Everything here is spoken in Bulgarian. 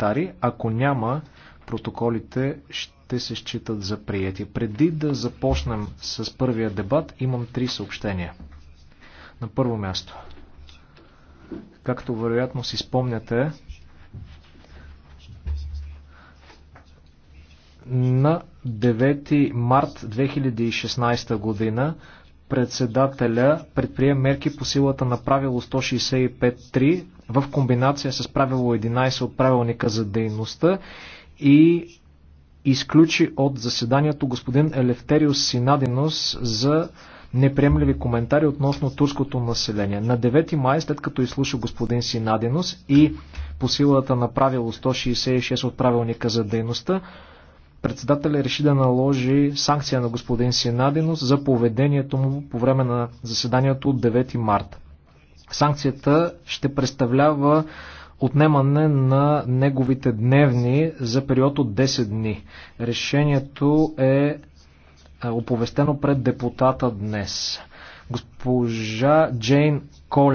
коментари. Ако няма, протоколите ще се считат за прияти. Преди да започнем с първия дебат, имам три съобщения. На първо място. Както вероятно си спомняте, на 9 март 2016 година председателя предприе мерки по силата на правило 165.3 в комбинация с правило 11 от правилника за дейността и изключи от заседанието господин Елефтериус Синадинос за неприемливи коментари относно турското население. На 9 май, след като изслуша господин Синадинос и по силата на правило 166 от правилника за дейността, председателя реши да наложи санкция на господин Синадинос за поведението му по време на заседанието от 9 марта. Санкцията ще представлява отнемане на неговите дневни за период от 10 дни. Решението е, е оповестено пред депутата днес. Госпожа Джейн Кол